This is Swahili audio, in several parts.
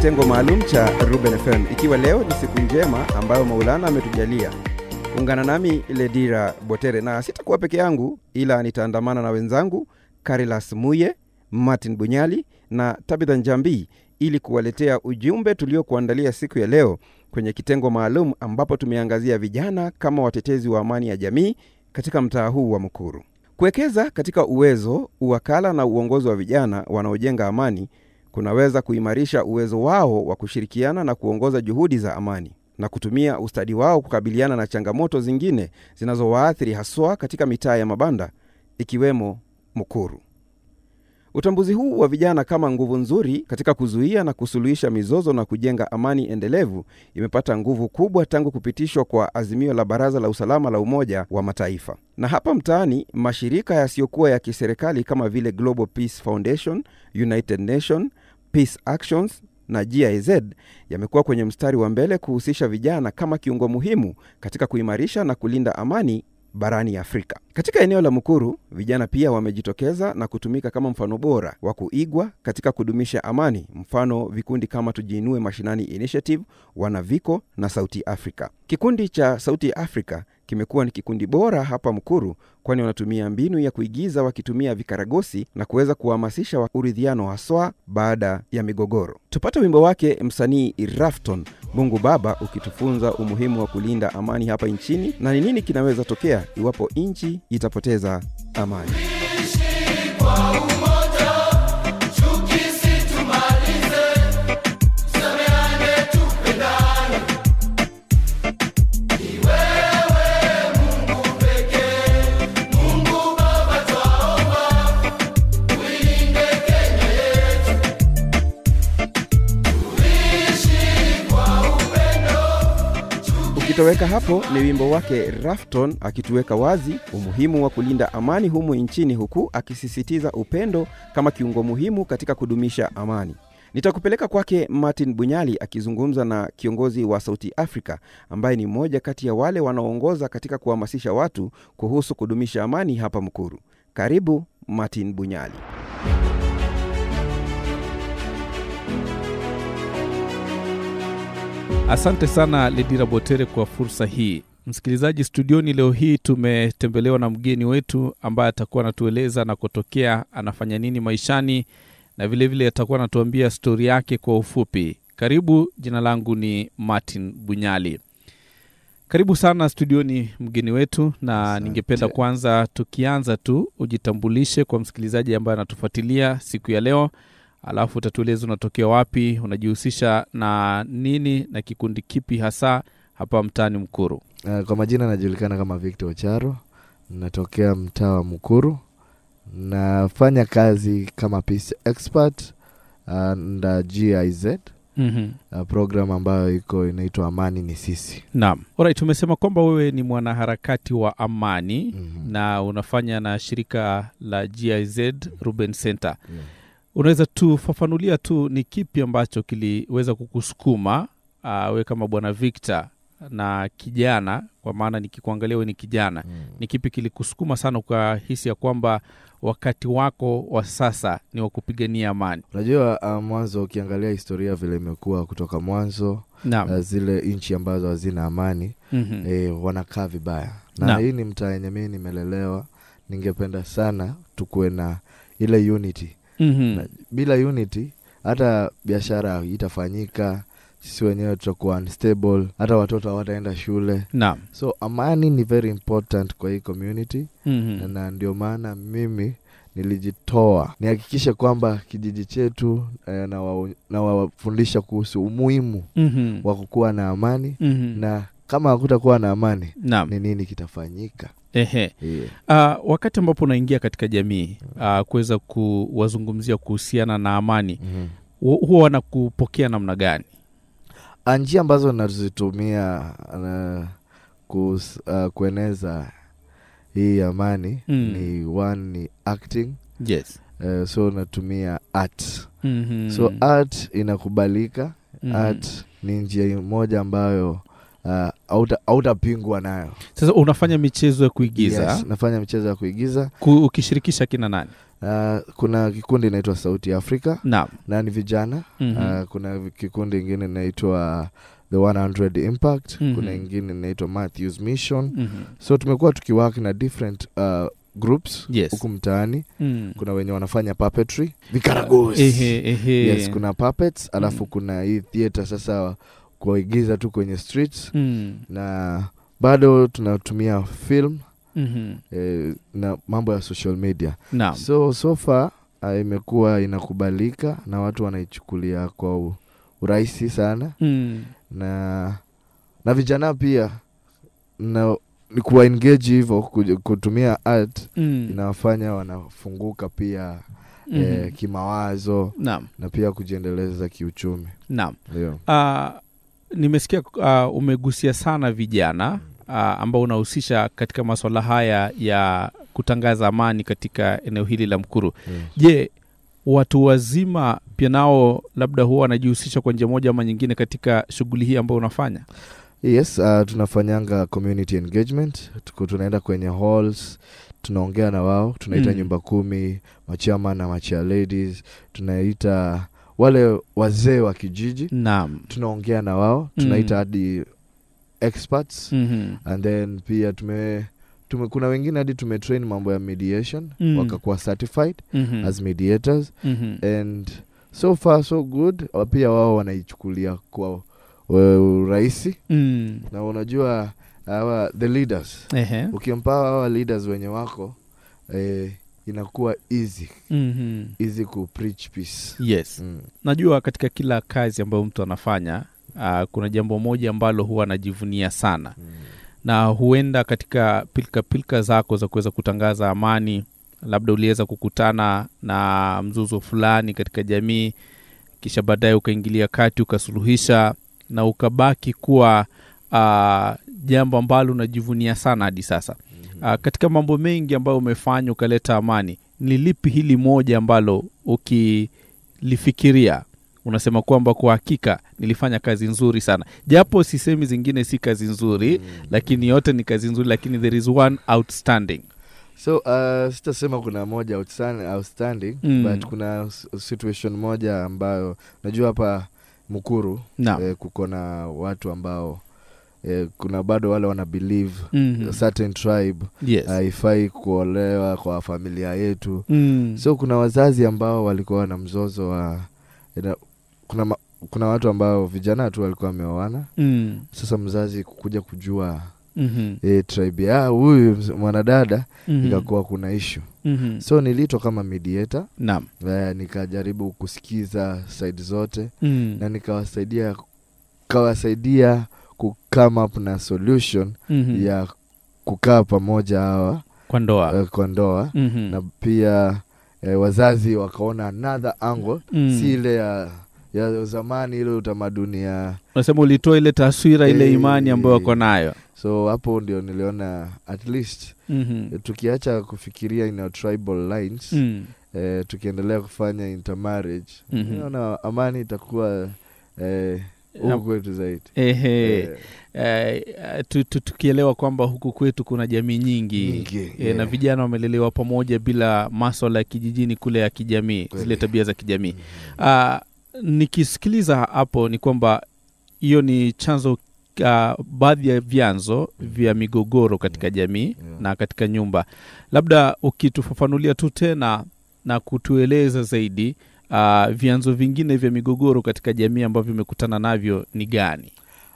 kitengo maalum cha Ruben FM, ikiwa leo ni siku njema ambayo Maulana ametujalia. Ungana nami Ledira Botere, na sitakuwa peke yangu, ila nitaandamana na wenzangu Karilas Muye, Martin Bunyali na Tabitha Njambi ili kuwaletea ujumbe tuliokuandalia siku ya leo kwenye kitengo maalum ambapo tumeangazia vijana kama watetezi wa amani ya jamii katika mtaa huu wa mkuru Kuwekeza katika uwezo, uwakala na uongozi wa vijana wanaojenga amani kunaweza kuimarisha uwezo wao wa kushirikiana na kuongoza juhudi za amani na kutumia ustadi wao kukabiliana na changamoto zingine zinazowaathiri haswa katika mitaa ya mabanda ikiwemo Mukuru. Utambuzi huu wa vijana kama nguvu nzuri katika kuzuia na kusuluhisha mizozo na kujenga amani endelevu imepata nguvu kubwa tangu kupitishwa kwa azimio la Baraza la Usalama la Umoja wa Mataifa. Na hapa mtaani, mashirika yasiyokuwa ya kiserikali kama vile Global Peace Foundation, United Nation Peace Actions na GIZ yamekuwa kwenye mstari wa mbele kuhusisha vijana kama kiungo muhimu katika kuimarisha na kulinda amani barani Afrika. Katika eneo la Mukuru, vijana pia wamejitokeza na kutumika kama mfano bora wa kuigwa katika kudumisha amani, mfano vikundi kama Tujiinue Mashinani Initiative, Wanaviko na Sauti africa Kikundi cha Sauti africa kimekuwa ni kikundi bora hapa Mukuru, kwani wanatumia mbinu ya kuigiza wakitumia vikaragosi na kuweza kuhamasisha uridhiano, haswa baada ya migogoro. Tupate wimbo wake msanii Rafton Mungu Baba ukitufunza umuhimu wa kulinda amani hapa nchini na ni nini kinaweza tokea iwapo nchi itapoteza amani. Kitoweka hapo ni wimbo wake Rafton akituweka wazi umuhimu wa kulinda amani humu nchini, huku akisisitiza upendo kama kiungo muhimu katika kudumisha amani. Nitakupeleka kwake Martin Bunyali akizungumza na kiongozi wa Sauti africa ambaye ni mmoja kati ya wale wanaoongoza katika kuhamasisha watu kuhusu kudumisha amani hapa Mkuru. Karibu Martin Bunyali. Asante sana Ledira Botere kwa fursa hii. Msikilizaji, studioni leo hii tumetembelewa na mgeni wetu ambaye atakuwa anatueleza anakotokea, anafanya nini maishani, na vilevile vile atakuwa anatuambia stori yake kwa ufupi. Karibu, jina langu ni Martin Bunyali. Karibu sana studioni mgeni wetu, na asante. Ningependa kwanza tukianza tu ujitambulishe kwa msikilizaji ambaye anatufuatilia siku ya leo alafu utatueleza unatokea wapi unajihusisha na nini na kikundi kipi hasa hapa mtaani mkuru uh, eh, kwa majina anajulikana kama victo ocharo natokea mtaa wa mkuru nafanya kazi kama peace expert eh, nda giz mm-hmm. uh, eh, program ambayo iko inaitwa amani ni sisi naam right umesema kwamba wewe ni mwanaharakati wa amani mm-hmm. na unafanya na shirika la giz ruben center mm-hmm unaweza tufafanulia tu ni kipi ambacho kiliweza kukusukuma uh, ah, we kama bwana Victor na kijana, kwa maana nikikuangalia we ni kijana mm. Ni kipi kilikusukuma sana kwa hisi ya kwamba wakati wako wa sasa ni wa kupigania amani? Unajua uh, mwanzo ukiangalia historia vile imekuwa kutoka mwanzo uh, zile nchi ambazo hazina amani mm-hmm. eh, wanakaa vibaya na na Hii ni mtaa yenye mii nimelelewa, ningependa sana tukuwe na ile unity mm-hmm. na, bila unity hata biashara itafanyika, sisi wenyewe tutakuwa unstable, hata watoto hawataenda shule na. So amani ni very important kwa hii community mm-hmm. na ndio maana mimi nilijitoa nihakikishe kwamba kijiji chetu eh, na wa kuhusu umuhimu mm-hmm. wa kukuwa na amani mm-hmm. na kama hakutakuwa na amani ni nini kitafanyika? Ehe. Yeah. Uh, wakati ambapo unaingia katika jamii uh, kuweza kuwazungumzia kuhusiana na amani mm -hmm. huwa wanakupokea namna gani? Ah, njia ambazo nazitumia uh, kus, uh, kueneza hii amani mm. ni one ni acting yes. Uh, so natumia art mm -hmm. so art inakubalika mm -hmm. art ni njia moja ambayo uh, autapingwa nayo. Sasa unafanya michezo ya kuigiza? Yes, nafanya michezo ya kuigiza ukishirikisha kina nani? Uh, kuna kikundi inaitwa Sauti africa Afrika na, na ni vijana mm -hmm. uh, kuna kikundi ingine inaitwa The 100 Impact mm -hmm. kuna ingine inaitwa Matthews Mission mm -hmm. so tumekuwa tukiwak na different uh, groups yes. huku mtaani mm. kuna wenye wanafanya puppetry vikaragosi yes, kuna papets alafu mm. kuna hii theatre sasa kuwaigiza tu kwenye streets mm. na bado tunatumia film mm -hmm. eh, na mambo ya social media no. so sofa ah, imekuwa inakubalika na watu wanaichukulia kwa urahisi sana mm. na na vijana pia na kuwa engage hivyo kutumia art mm. inawafanya wanafunguka pia mm. eh, mm-hmm. kimawazo na, na pia kujiendeleza kiuchumi naam nimesikia uh, umegusia sana vijana uh, ambao unahusisha katika maswala haya ya kutangaza amani katika eneo hili la Mkuru. je Je, watu wazima pia nao labda huwa wanajihusisha kwa njia moja ama nyingine katika shughuli hii ambayo unafanya? Yes, uh, tunafanyanga community engagement, tuko tunaenda kwenye halls tunaongea na wao, tunaita mm. nyumba kumi, machama na machia ladies, tunaita wale wazee wa kijiji naam, tunaongea na wao tunaita mm. hadi experts mm -hmm. and then pia tume, tume kuna wengine hadi tumetrain mambo ya mediation mm wakakuwa certified mm -hmm. as mediators mm -hmm. and so far so good. Pia wao wanaichukulia kwa eh, urahisi mm. na unajua awa, the leaders uh -huh. ukimpa hawa leaders wenye wako eh, inakuwa easy mm-hmm. easy ku preach peace yes mm. najua katika kila kazi ambayo mtu anafanya uh, kuna jambo moja ambalo huwa anajivunia sana mm. na huenda katika pilkapilka pilka zako za kuweza kutangaza amani labda uliweza kukutana na mzuzo fulani katika jamii kisha baadaye ukaingilia kati ukasuluhisha na ukabaki kuwa uh, jambo ambalo unajivunia sana hadi sasa mm Uh, katika mambo mengi ambayo umefanya ukaleta amani, ni lipi hili moja ambalo ukilifikiria unasema kwamba kwa hakika nilifanya kazi nzuri sana, japo sisemi zingine si kazi nzuri mm. Lakini yote ni kazi nzuri, lakini there is one outstanding. So uh, sitasema kuna moja outstanding mm. But kuna situation moja ambayo unajua hapa Mukuru no. Eh, kuko na watu ambao Eh, kuna bado wale wana believe mm -hmm. certain tribe yes. haifai uh, kuolewa kwa familia yetu mm. so kuna wazazi ambao walikuwa na mzozo wa ina, kuna ma, kuna watu ambao vijana tu walikuwa wameoana mm. sasa mzazi kukuja kujua mm -hmm. e, tribe ya huyu mwanadada mm -hmm. ikakuwa kuna ishu mm -hmm. so nilitwa kama mediator naam eh, nikajaribu kusikiza side zote mm. na nikawasaidia kawasaidia ku up na solution mm -hmm. ya kukaa pamoja hawa kwa ndoa, uh, kwa ndoa. Mm -hmm. na pia uh, wazazi wakaona another angle mm -hmm. si ile ya ya zamani ile utamaduni ya unasema ulitoa ile taswira hey, ile eh, imani ambayo wako nayo so hapo ndio niliona at least mm -hmm. tukiacha kufikiria in tribal lines mm -hmm. eh, tukiendelea kufanya intermarriage mm -hmm. naona amani itakuwa eh, huku kwetu zaidi ehe, Uh, tukielewa kwamba huku kwetu kuna jamii nyingi, nyingi eh, yeah. E, na vijana wamelelewa pamoja bila maswala ya kijijini kule ya kijamii zile tabia za kijamii mm. Uh, nikisikiliza hapo ni kwamba hiyo ni chanzo uh, baadhi ya vyanzo vya migogoro katika mm-hmm. jamii yeah. na katika nyumba, labda ukitufafanulia tu tena na kutueleza zaidi uh, vyanzo vingine vya migogoro katika jamii ambavyo imekutana navyo ni gani?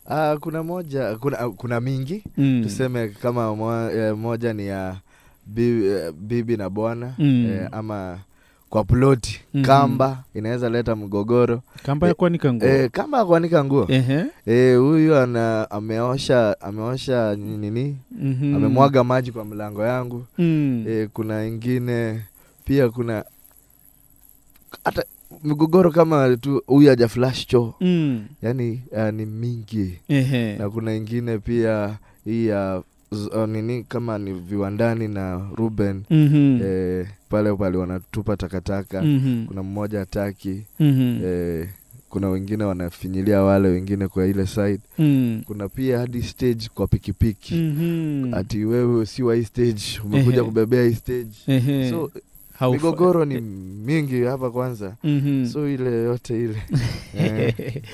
Uh, kuna moja kuna, kuna mingi mm. Tuseme kama moja, eh, moja ni ya bibi, eh, bibi na bwana mm. eh, ama kwa ploti mm -hmm. Kamba inaweza leta mgogoro. Kamba ya eh, kuanika nguo e, kamba ya kuanika nguo huyu e, ana ameosha ameosha nini mm -hmm. amemwaga maji kwa mlango yangu mm. E, kuna ingine pia kuna hata migogoro kama tu huyu aja flash cho mm. yani uh, eh, ni mingi Ehe. na kuna ingine pia hii ya uh, nini kama ni viwandani na Ruben mm-hmm. eh, pale pale wanatupa takataka mm-hmm. kuna mmoja ataki mm-hmm. eh, kuna wengine wanafinyilia wale wengine kwa ile side mm. kuna pia hadi stage kwa pikipiki mm-hmm. ati wewe si wa hii stage umekuja kubebea hii stage so Migogoro ni mingi hapa kwanza mm -hmm. So ile yote ile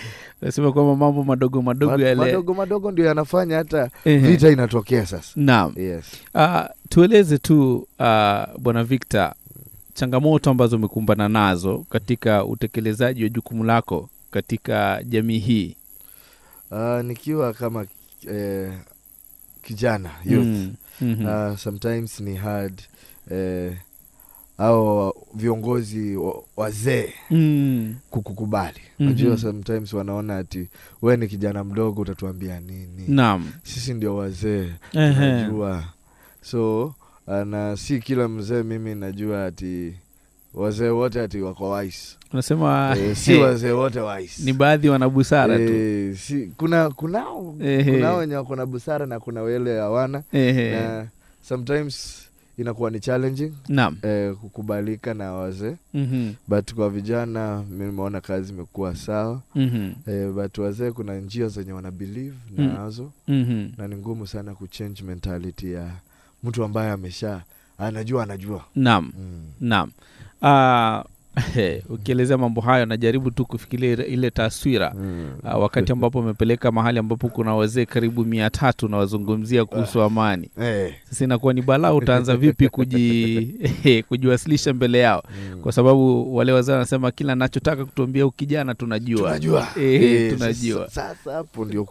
nasema kwamba mambo madogo madogo yale madogo madogo ndio yanafanya hata vita inatokea sasa. Naam. Yes. Uh, tueleze tu uh, Bwana Victor changamoto ambazo umekumbana nazo katika utekelezaji wa jukumu lako katika jamii hii. Uh, nikiwa kama eh, kijana youth mm. mm -hmm. uh, sometimes ni hard eh, au viongozi wazee mm. kukukubali. Mhm. Najua mm -hmm. sometimes wanaona ati we ni kijana mdogo, utatuambia nini? Naam. Sisi ndio wazee najua so ah, na si kila mzee mimi najua ati wazee wote ati wako wais Unasema e, si wazee wote wais ni baadhi wana busara e, si, kuna kunao kunao wenye wako na busara na kuna wele hawana, na sometimes inakuwa ni challenging naam. Eh, kukubalika na wazee mm -hmm. But kwa vijana mi nimeona kazi imekuwa sawa mm -hmm. Eh, but wazee kuna njia zenye wana believe mm. nazo mm -hmm. na ni ngumu sana kuchange mentality ya mtu ambaye amesha anajua anajua naam mm. naam uh, ukielezea mambo hayo najaribu tu kufikiria ile taswira mm. uh, wakati ambapo umepeleka mahali ambapo kuna wazee karibu mia tatu nawazungumzia kuhusu ah. amani hey. Eh. Sasa inakuwa ni balaa, utaanza vipi kuji, kujiwasilisha mbele yao mm. Kwa sababu wale wazee wanasema kila nachotaka kutuambia ukijana tunajua tunajua, hey, eh, hey, eh, tunajua. Sasa hapo ndio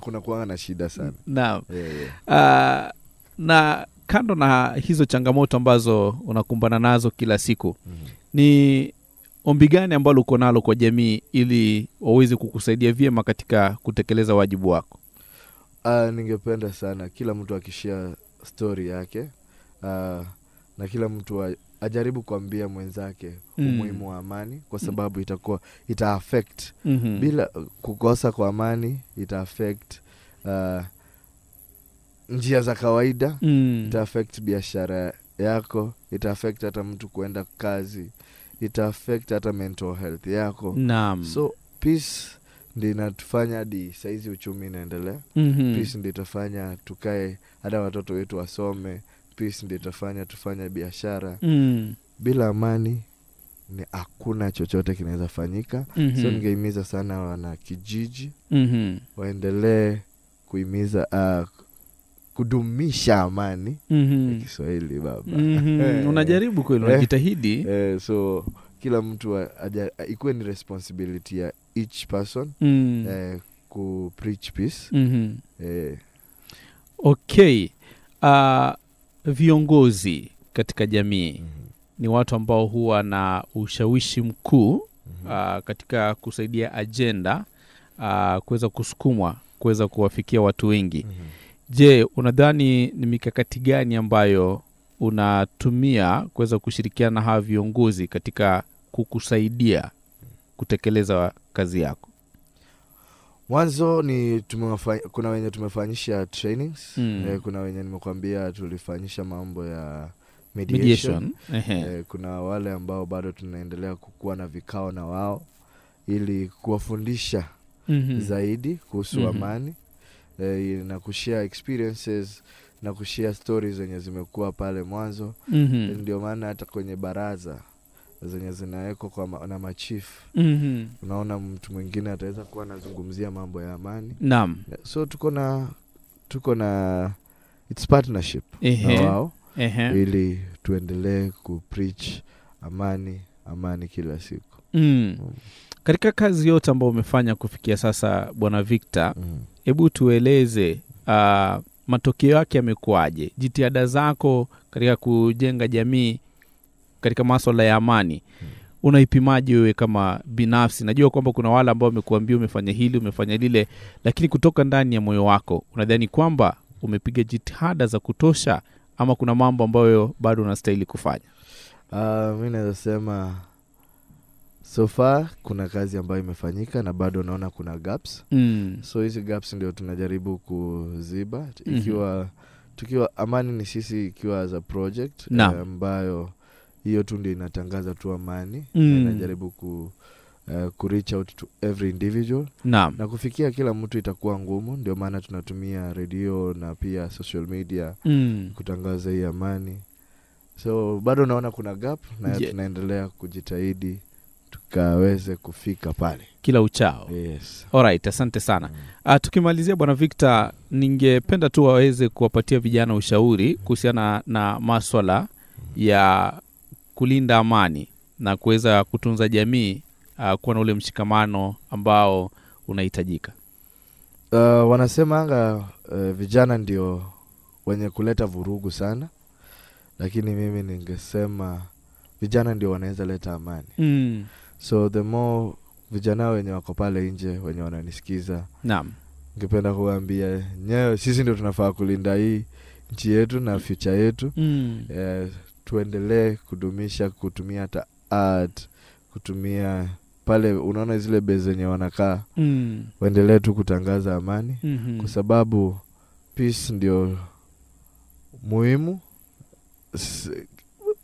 kunakuaa na shida sana naam hey. uh, ah, na kando na hizo changamoto ambazo unakumbana nazo kila siku mm ni ombi gani ambalo uko nalo kwa jamii ili waweze kukusaidia vyema katika kutekeleza wajibu wako? Uh, ningependa sana kila mtu akishia stori yake uh, na kila mtu wa, ajaribu kuambia mwenzake mm. umuhimu wa amani kwa mm. sababu itakuwa ita affect mm -hmm. bila kukosa kwa amani ita affect uh, njia za kawaida mm. ita affect biashara yako ita affect hata mtu kuenda kazi ita hata mental health yako. Naam. So peace ndi inatufanya hadi sahizi uchumi inaendelea. mm -hmm. Peace ndi itafanya tukae hata watoto wetu wasome. Peace ndi itafanya tufanye biashara. mm. Bila amani ni hakuna chochote kinaweza fanyika. mm -hmm. So ningeimiza sana wana kijiji mm -hmm. waendelee kuimiza uh, kudumisha amani mm -hmm. ya mhm. Kiswahili baba mm -hmm. unajaribu kweli, unajitahidi eh, eh so kila mtu ikuwe ni responsibility ya each person mm. eh, ku preach peace mm -hmm. eh. Okay, uh, viongozi katika jamii mm -hmm. ni watu ambao huwa na ushawishi mkuu mm -hmm. uh, katika kusaidia ajenda uh, ah, kuweza kusukumwa kuweza kuwafikia watu wengi mm -hmm Je, unadhani ni mikakati gani ambayo unatumia kuweza kushirikiana na hawa viongozi katika kukusaidia kutekeleza kazi yako? Mwanzo ni kuna wenye tumefanyisha trainings mm. Eh, kuna wenye nimekwambia tulifanyisha mambo ya mediation, mediation. Eh, kuna wale ambao bado tunaendelea kukuwa na vikao na wao ili kuwafundisha mm -hmm. zaidi kuhusu mm -hmm. amani eh, na kushare experiences na kushia stories zenye zimekuwa pale mwanzo mm -hmm. Ndio maana hata kwenye baraza zenye zinawekwa ma, na machief mm -hmm. Unaona mtu mwingine ataweza kuwa anazungumzia mambo ya amani. Naam. So tuko na tuko na it's partnership na wao ili tuendelee kupreach amani amani kila siku mm. Mm. Katika kazi yote ambayo umefanya kufikia sasa Bwana Victor mm hebu tueleze uh, matokeo yake yamekuwaje jitihada zako katika kujenga jamii katika maswala ya amani hmm unaipimaji wewe kama binafsi najua kwamba kuna wale ambao wamekuambia umefanya hili umefanya lile lakini kutoka ndani ya moyo wako unadhani kwamba umepiga jitihada za kutosha ama kuna mambo ambayo bado unastahili kufanya uh, ah, mi naweza sema so far kuna kazi ambayo imefanyika na bado naona kuna gaps mm. so hizi gaps ndio tunajaribu kuziba mhm. ikiwa mm-hmm. tukiwa amani ni sisi ikiwa as a project eh, ambayo hiyo tu ndio inatangaza tu amani mm. inajaribu ku Uh, out to every individual na, na kufikia kila mtu itakuwa ngumu ndio maana tunatumia redio na pia social media mm. kutangaza hii amani so bado naona kuna gap na yeah. tunaendelea kujitahidi tukaweze kufika pale kila uchao. Yes. Alright, asante sana mm. Ah, tukimalizia bwana Victor, ningependa tu waweze kuwapatia vijana ushauri kuhusiana na maswala ya kulinda amani na kuweza kutunza jamii uh, kuwa na ule mshikamano ambao unahitajika. Uh, wanasemanga uh, eh, vijana ndio wenye kuleta vurugu sana, lakini mimi ningesema vijana ndio wanaweza leta amani mm so the more vijana wenye wako pale nje wenye wananisikiza, naam, ngependa kuwaambia nyewe, sisi ndio tunafaa kulinda hii nchi yetu na fyuche yetu mm. Eh, tuendelee kudumisha kutumia hata art kutumia pale unaona zile be zenye wanakaa mm. Waendelee tu kutangaza amani mm -hmm. Kwa sababu peace ndio muhimu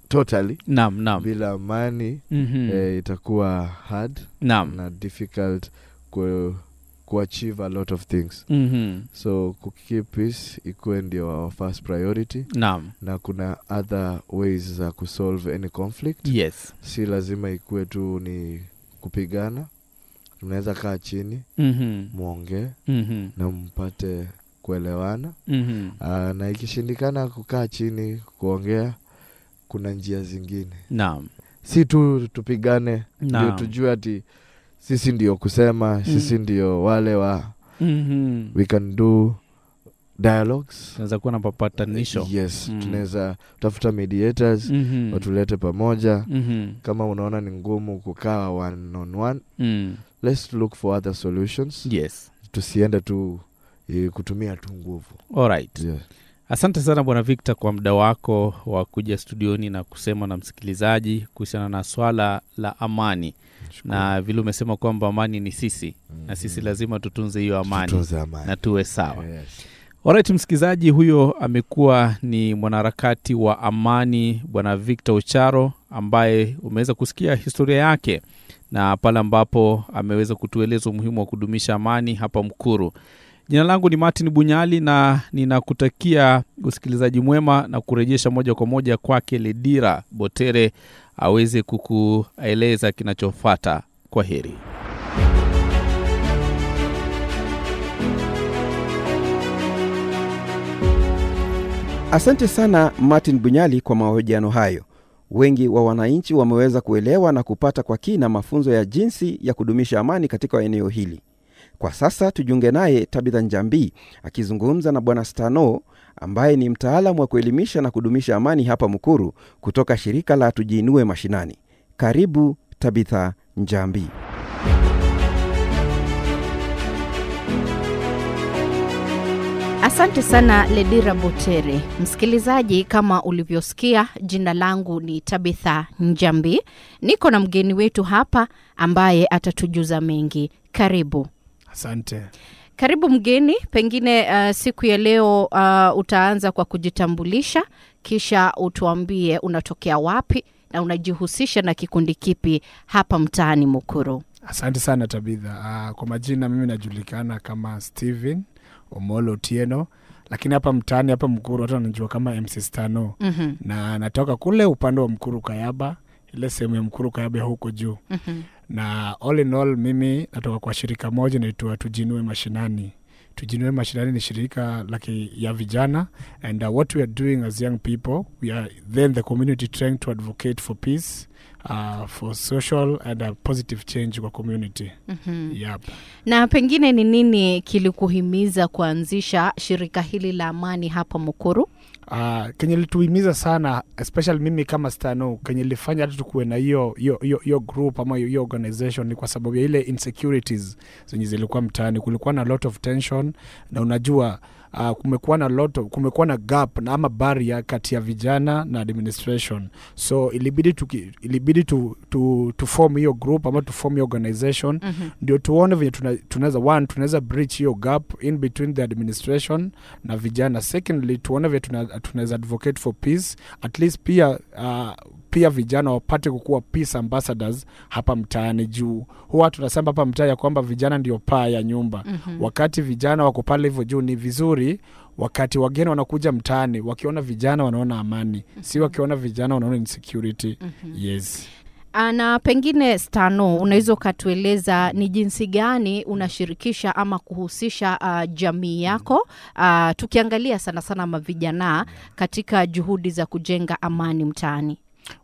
totally nam nam bila amani mm-hmm. eh, itakuwa hard nam na difficult ku, kuachieve a lot of things mm-hmm. so kukeep peace ikuwe ndio our first priority nam na kuna other ways za kusolve any conflict yes. si lazima ikuwe tu ni kupigana mnaweza kaa chini mm-hmm. mwongee mm-hmm. na mpate kuelewana mm-hmm. uh, na ikishindikana kukaa chini kuongea kuna njia zingine. Naam, si tu tupigane ndio tujue ati sisi ndio kusema mm. Sisi ndio wale wa mm -hmm. we can do dialogues, tunaweza kuwa na papatanisho eh, yes mm. Tunaweza tafuta mediators mm -hmm. watulete pamoja mm -hmm. Kama unaona ni ngumu kukaa one on one mm. Let's look for other solutions yes. Tusiende tu eh, kutumia tu nguvu. All right. Yeah. Asante sana Bwana Victor kwa muda wako wa kuja studioni na kusema na msikilizaji kuhusiana na swala la amani Shukuru. na vile umesema kwamba amani ni sisi mm-hmm. na sisi mhm. lazima tutunze hiyo amani, amani na tuwe sawa yes. Alright, msikilizaji huyo amekuwa ni mwanaharakati wa amani Bwana Victor ucharo ambaye umeweza kusikia historia yake na pale ambapo ameweza kutueleza umuhimu wa kudumisha amani hapa Mkuru. Jina langu ni Martin Bunyali na ninakutakia usikilizaji mwema na kurejesha moja kwa moja kwake Ledira Botere aweze kukueleza kinachofata. Kwa heri. Asante sana Martin Bunyali kwa mahojiano hayo. Wengi wa wananchi wameweza kuelewa na kupata kwa kina mafunzo ya jinsi ya kudumisha amani katika eneo hili. Kwa sasa tujiunge naye Tabitha Njambi akizungumza na Bwana Stano ambaye ni mtaalamu wa kuelimisha na kudumisha amani hapa mkuru kutoka shirika la Tujiinue Mashinani. Karibu Tabitha Njambi. Asante sana Ledira Botere. Msikilizaji, kama ulivyosikia, jina langu ni Tabitha Njambi, niko na mgeni wetu hapa ambaye atatujuza mengi. Karibu. Asante. Karibu mgeni, pengine uh, siku ya leo uh, utaanza kwa kujitambulisha, kisha utuambie unatokea wapi na unajihusisha na kikundi kipi hapa mtaani Mukuru. Asante sana Tabitha. Uh, kwa majina mimi najulikana kama Steven Omolo Tieno, lakini hapa mtaani hapa Mkuru watu wanajua kama MC Stano. mm -hmm. na natoka kule upande wa Mkuru Kayaba, ile sehemu ya Mkuru Kayaba huko juu. mm -hmm na all in all, mimi natoka kwa shirika moja naitwa Tujinue Mashinani. Tujinue Mashinani ni shirika laki ya vijana and uh, what we are doing as young people we are then the community trying to advocate for peace Uh, for social and a uh, positive change kwa community. mm -hmm. Yep. Na pengine ni nini kilikuhimiza kuanzisha shirika hili la amani hapa Mukuru? Uh, kenye lituimiza sana especially mimi kama Stano, kenye lifanya hatu tukuwe na hiyo hiyo group ama hiyo organization ni kwa sababu ya ile insecurities zenye zilikuwa mtaani. Kulikuwa na lot of tension, na unajua uh, kumekuwa na lot of, kumekuwa na gap na ama baria kati ya vijana na administration so ilibidi tu, ilibidi tu, tu, tu form hiyo group ama tu form hiyo organization mm-hmm. ndio tuone venye tunaweza one tunaweza bridge hiyo gap in between the administration na vijana secondly tuone venye tunaweza advocate for peace at least pia uh, pia vijana wapate kukuwa peace ambassadors hapa mtaani, juu huwa tunasema hapa mtaa ya kwamba vijana ndio paa ya nyumba. mm -hmm. Wakati vijana wako pale hivyo juu, ni vizuri wakati wageni wanakuja mtaani, wakiona vijana wanaona amani. mm -hmm. Si mhm. wakiona vijana wanaona insecurity. mm -hmm. Yes ah, na pengine Stano, unaweza ukatueleza ni jinsi gani unashirikisha ama kuhusisha uh, jamii mhm. yako uh, tukiangalia sana sana mavijana katika juhudi za kujenga amani mtaani?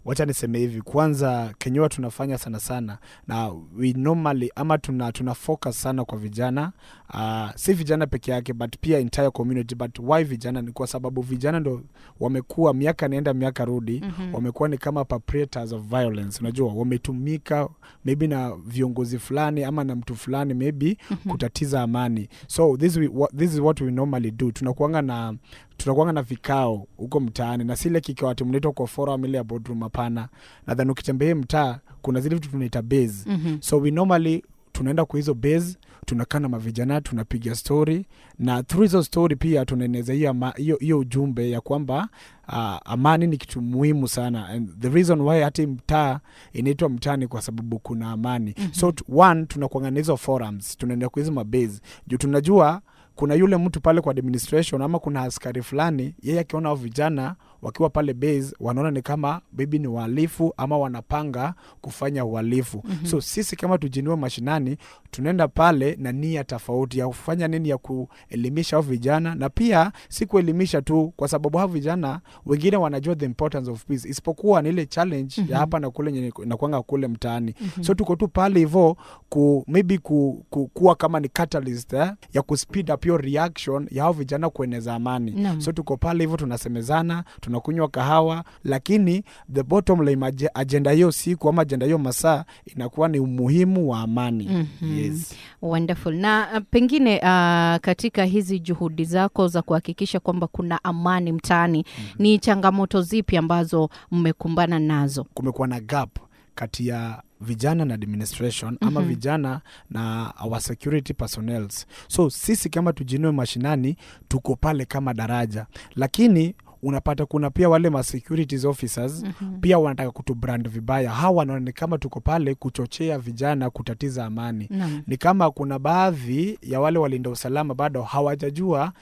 wacha niseme hivi kwanza, Kenyewa tunafanya sana sana na we normally ama tuna, tuna focus sana kwa vijana uh, si vijana peke yake but pia entire community. But why vijana? Ni kwa sababu vijana ndo wamekuwa miaka naenda miaka rudi mm -hmm. wamekuwa ni kama perpetrators of violence, unajua wametumika maybe na viongozi fulani ama na mtu fulani maybe mm -hmm. kutatiza amani, so this, we, what, this is what we normally do. Tunakuanga na tunakuanga na vikao huko mtaani, na sile kikao ati mnaitwa kwa forum ile ya boardroom, hapana. Nadhani ukitembea mtaa kuna zile vitu tunaita base mm -hmm. so we normally tunaenda kwa hizo base tunakaa na mavijana tunapiga story na through hizo story pia tunaeneza hiyo hiyo ujumbe ya kwamba uh, amani ni kitu muhimu sana and the reason why hati mtaa inaitwa mtaani kwa sababu kuna amani mm -hmm. so one tunakuanganiza forums tunaenda kwa hizo mabase juu tunajua kuna yule mtu pale kwa administration ama kuna askari fulani, yeye akiona vijana wakiwa pale base wanaona ni kama baby ni uhalifu ama wanapanga kufanya uhalifu. mm -hmm. So sisi kama tujiniwe mashinani tunaenda pale na nia tofauti ya kufanya nini, ya kuelimisha au vijana, na pia si kuelimisha tu, kwa sababu hao vijana wengine wanajua the importance of peace, isipokuwa ni ile challenge mm -hmm. ya mhm. hapa na kule nakwanga kule mtaani mm -hmm. So tuko tu pale hivyo ku maybe ku, ku, kuwa kama ni catalyst eh, ya ku speed up your reaction ya hao vijana kueneza amani no. So tuko pale hivyo tunasemezana tuna tunakunywa kahawa, lakini the bottom line agenda hiyo siku ama ajenda hiyo masaa inakuwa ni umuhimu wa amani. mm -hmm. Yes. Wonderful. Na uh, pengine uh, katika hizi juhudi zako za kuhakikisha kwamba kuna amani mtaani mm -hmm. ni changamoto zipi ambazo mmekumbana nazo? Kumekuwa na gap kati ya vijana na administration ama mm -hmm. vijana na our security personnel. So sisi kama tujinue mashinani tuko pale kama daraja, lakini unapata kuna pia wale ma securities officers mm-hmm. pia wanataka kutubrand vibaya. Hawa wanaona kama tuko pale kuchochea vijana kutatiza amani no. Ni kama kuna baadhi ya wale walinda usalama bado hawajajua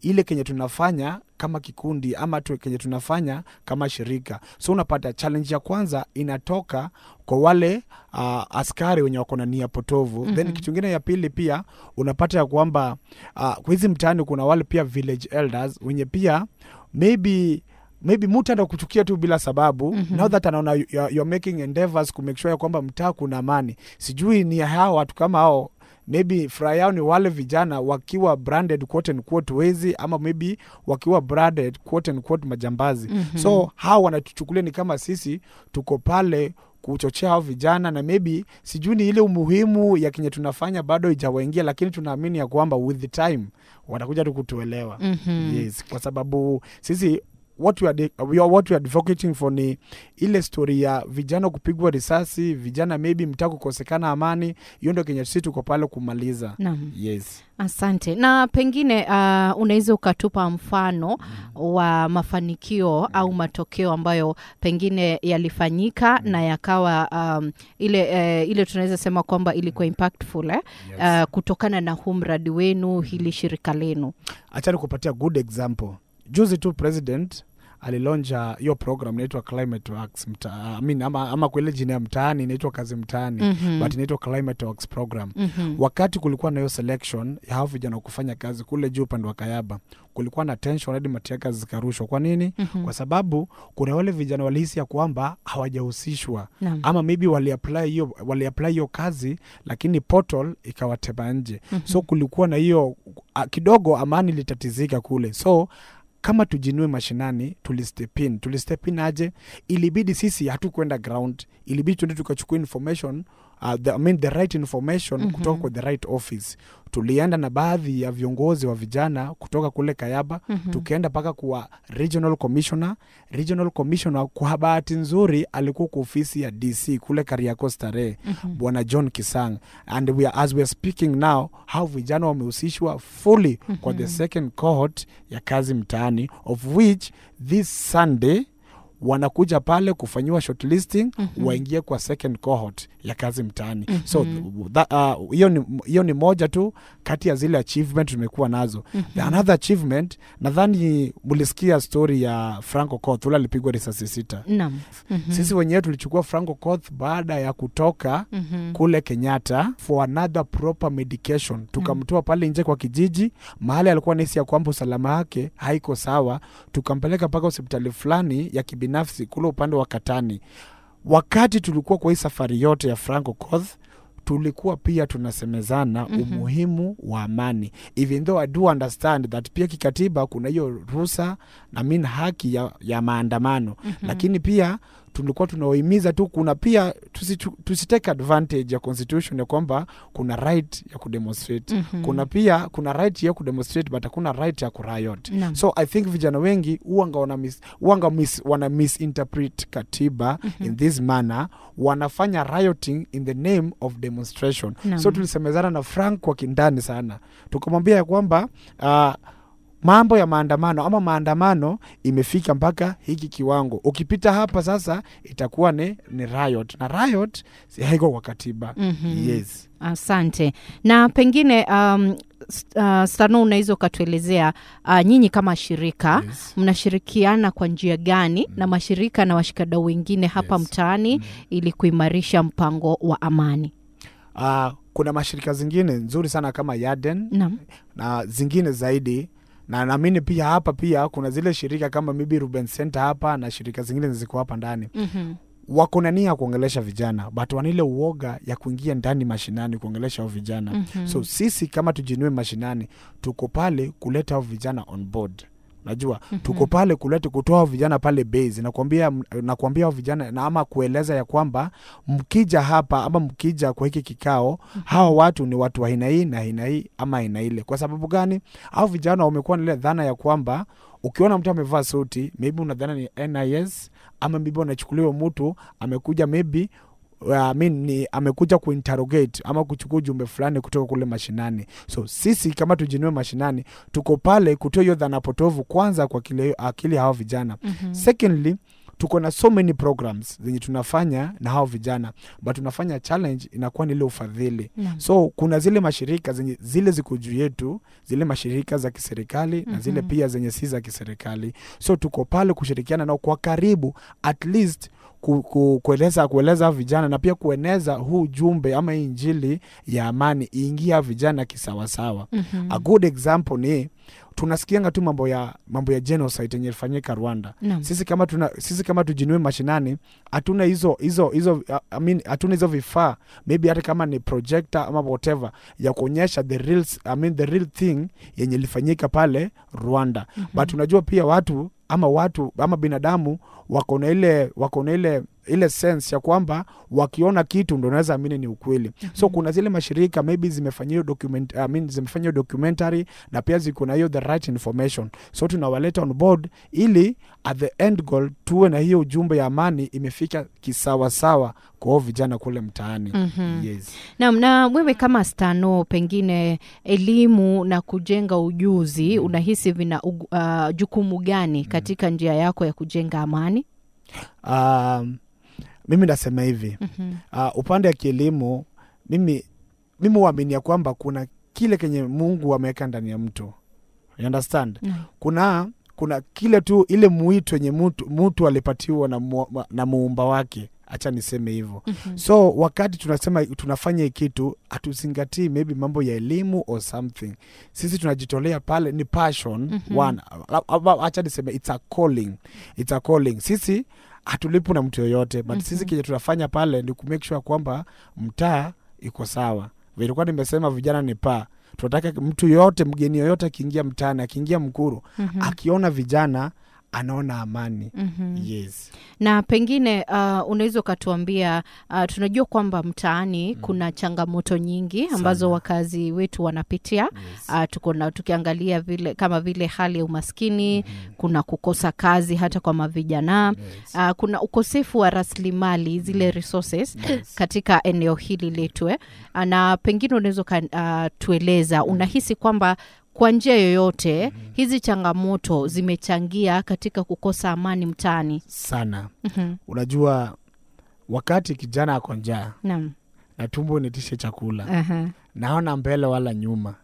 ile kenye tunafanya kama kikundi ama tu kenye tunafanya kama shirika. So unapata challenge ya kwanza inatoka kwa wale uh, askari wenye wako na nia potovu. Mm-hmm. Then kitu ingine ya pili pia unapata ya kwamba uh, kwa hizi mtaani kuna wale pia village elders wenye pia maybe maybe mtu anaenda kuchukia tu bila sababu mm -hmm. now that anaona you're making endeavors ku make sure ya kwamba mtaa kuna amani sijui ni hao watu kama hao maybe furaha yao ni wale vijana wakiwa branded quote and quote wezi ama maybe wakiwa branded quote and quote majambazi mm -hmm. so hao wanatuchukulia ni kama sisi tuko pale kuchochea hao vijana na maybe sijui ni ile umuhimu ya kenye tunafanya bado ijawaingia, lakini tunaamini ya kwamba with the time mm watakuja tu kutuelewa. mm -hmm. Yes, kwa sababu sisi what we are, we are, what we are advocating for ni ile story ya vijana kupigwa risasi, vijana maybe mtaa kukosekana amani. Hiyo ndio kenye sisi tuko pale kumaliza. Yes. Asante. Na pengine uh, unaweza ukatupa mfano wa mafanikio au matokeo ambayo pengine yalifanyika mm. na yakawa um, ile, uh, ile tunaweza sema kwamba ilikuwa impactful eh? Yes. Uh, kutokana na huu mradi wenu mm-hmm. hili shirika lenu. Acha nikupatia good example Juzi tu president alilonja hiyo program inaitwa Climate Works mta, I mean, ama, ama kwa ile jina ya mtaani inaitwa kazi mtaani mm -hmm. but inaitwa Climate Works program mm -hmm. wakati kulikuwa na hiyo selection ya hao vijana kufanya kazi kule juu upande wa Kayaba kulikuwa na tension hadi matiaka zikarushwa. Kwa nini? mm -hmm. Kwa sababu kuna wale vijana walihisi ya kwamba hawajahusishwa ama maybe waliapply hiyo waliapply hiyo kazi, lakini portal ikawatema nje. mm -hmm. So kulikuwa na hiyo kidogo, amani ilitatizika kule, so kama tujinue mashinani, tulistepin tulistepin aje? Ilibidi sisi hatukwenda ground, ilibidi tuende tukachukua information uh, the, I mean the right information mm -hmm. kutoka kwa the right office tulienda na baadhi ya viongozi wa vijana kutoka kule Kayaba mm -hmm. tukienda mpaka kwa regional commissioner. Regional commissioner kwa bahati nzuri alikuwa kwa ofisi ya DC kule kariako Starehe mm -hmm. bwana John Kisang and we are, as we are speaking now how vijana wamehusishwa fully mm -hmm. kwa the second cohort ya kazi mtaani of which this Sunday wanakuja pale kufanyiwa shortlisting mm -hmm. waingie kwa second cohort ya kazi mtaani mm -hmm. so uh, hiyo uh, ni, ni moja tu kati ya zile achievement tumekuwa nazo mm -hmm. another achievement nadhani mlisikia story ya Franco coth ule alipigwa risasi sita mm -hmm. sisi wenyewe tulichukua Franco coth baada ya kutoka mm -hmm. kule Kenyatta for another proper medication tukamtoa mm -hmm. pale nje kwa kijiji mahali alikuwa nahisi ya kwamba usalama wake haiko sawa tukampeleka mpaka hospitali fulani ya kibinafsi binafsi kule upande wa Katani, wakati tulikuwa kwa hii safari yote ya Franco coth tulikuwa pia tunasemezana mm -hmm. umuhimu wa amani, even though I do understand that pia kikatiba kuna hiyo ruhusa na min haki ya, ya maandamano mm -hmm. lakini pia tulikuwa tunaohimiza tu, kuna pia tusi advantage ya constitution ya kwamba kuna right ya kudemonstrate mm -hmm. kuna pia kuna right ya kudemonstrate but hakuna right ya kuriot no. so I think vijana wengi uanga wana, mis, mis, wana misinterpret katiba mm -hmm. in this manner wanafanya rioting in the name of demonstration no. so tulisemezana na Frank kwa kindani sana tukamwambia ya kwamba uh, mambo ya maandamano ama maandamano imefika mpaka hiki kiwango. Ukipita hapa sasa itakuwa ni, ni riot na riot si haiko kwa katiba. mm -hmm. Yes, asante. Na pengine um, uh, Stano unaweza ukatuelezea uh, nyinyi kama shirika yes. mnashirikiana kwa njia gani mm. na mashirika na washikadau wengine hapa yes. mtaani mm. ili kuimarisha mpango wa amani uh, kuna mashirika zingine nzuri sana kama Yaden na, na zingine zaidi na naamini pia hapa pia kuna zile shirika kama maybe Ruben Center hapa na shirika zingine ziko hapa ndani mm -hmm wako na nia ya kuongelesha vijana but wanaile uoga ya kuingia ndani mashinani kuongelesha hao vijana mm -hmm. So sisi kama tujinue mashinani, tuko pale kuleta hao vijana on board Najua mm -hmm. tuko pale kulete kutoa vijana pale base, nakuambia nakuambia vijana na ama kueleza ya kwamba mkija hapa ama mkija kwa hiki kikao mm -hmm. hawa watu ni watu wa aina hii na aina hii ama aina ile. Kwa sababu gani? au vijana wamekuwa nile dhana ya kwamba ukiona mtu amevaa suti maybe unadhana ni NIS ama maybe unachukuliwa mtu amekuja maybe Uh, I mean, ni amekuja kuinterrogate ama kuchukua ujumbe fulani kutoka kule mashinani. So sisi kama tujinue mashinani, tuko pale kutoa hiyo dhana potovu kwanza kwa kile akili hao vijana mm -hmm. Secondly, tuko na so many programs zenye tunafanya na hao vijana but tunafanya challenge inakuwa ni ile ufadhili mm-hmm. So kuna zile mashirika zenye zile ziko juu yetu, zile mashirika za kiserikali mm -hmm. na zile mhm. pia zenye si za kiserikali, so tuko pale kushirikiana nao kwa karibu at least ku, ku, kueleza kueleza vijana na pia kueneza huu jumbe ama injili ya amani iingia vijana kisawasawa. mm -hmm. A good example ni tunasikianga tu mambo ya mambo ya genocide yenye ilifanyika Rwanda. No. Sisi kama tuna sisi kama tujinue mashinani hatuna hizo hizo hizo I mean hatuna hizo vifaa maybe hata kama ni projector ama whatever ya kuonyesha the real I mean the real thing yenye ilifanyika pale Rwanda. Mm -hmm. But unajua pia watu ama watu ama binadamu wako na ile wako na ile ile sense ya kwamba wakiona kitu ndo naweza amini ni ukweli. mm -hmm. So mhm. kuna zile mashirika maybe zimefanyia document, I mean, zimefanyia documentary na pia ziko na hiyo the right information, so tunawaleta on board ili at the end goal tuwe na hiyo ujumbe ya amani imefika kisawasawa kwao vijana kule mtaani. mm -hmm. Yes. Naam, na wewe kama Stano, pengine elimu na kujenga ujuzi mm -hmm. unahisi vina uh, jukumu gani mm. katika mm -hmm. njia yako ya kujenga amani? um, mimi nasema hivi mm-hmm. uh, upande wa kielimu mimi mimi huamini ya kwamba kuna kile kenye Mungu ameweka ndani ya mtu you understand mm. kuna kuna kile tu ile mwito wenye mtu, mtu alipatiwa na, mu, na muumba wake hacha niseme hivyo mm-hmm. so wakati tunasema tunafanya kitu hatuzingatii maybe mambo ya elimu or something sisi tunajitolea pale ni passion mm-hmm. one hacha niseme it's a calling. it's a calling sisi hatulipu na mtu yoyote but mm -hmm. sisi kenye tunafanya pale ni kumake sure kwamba mtaa iko sawa. Vilikuwa nimesema vijana ni paa, tunataka mtu yoyote, mgeni yoyote akiingia mtaani, akiingia Mkuru mm -hmm. akiona vijana anaona amani mm-hmm. Yes. Na pengine uh, unaweza ukatuambia uh, tunajua kwamba mtaani mm. kuna changamoto nyingi ambazo Sana. wakazi wetu wanapitia yes. uh, tukiangalia vile kama vile hali ya umaskini mm-hmm. kuna kukosa kazi hata kwa mavijana yes. uh, kuna ukosefu wa rasilimali zile mm-hmm. resources yes. katika eneo hili letwe eh. mm-hmm. uh, na pengine unaweza uh, mm-hmm. unahisi kwamba kwa njia yoyote mm -hmm. hizi changamoto zimechangia katika kukosa amani mtaani sana. mm -hmm. Unajua, wakati kijana ako njaa na, na tumbo nitishe chakula uh -huh. naona mbele wala nyuma,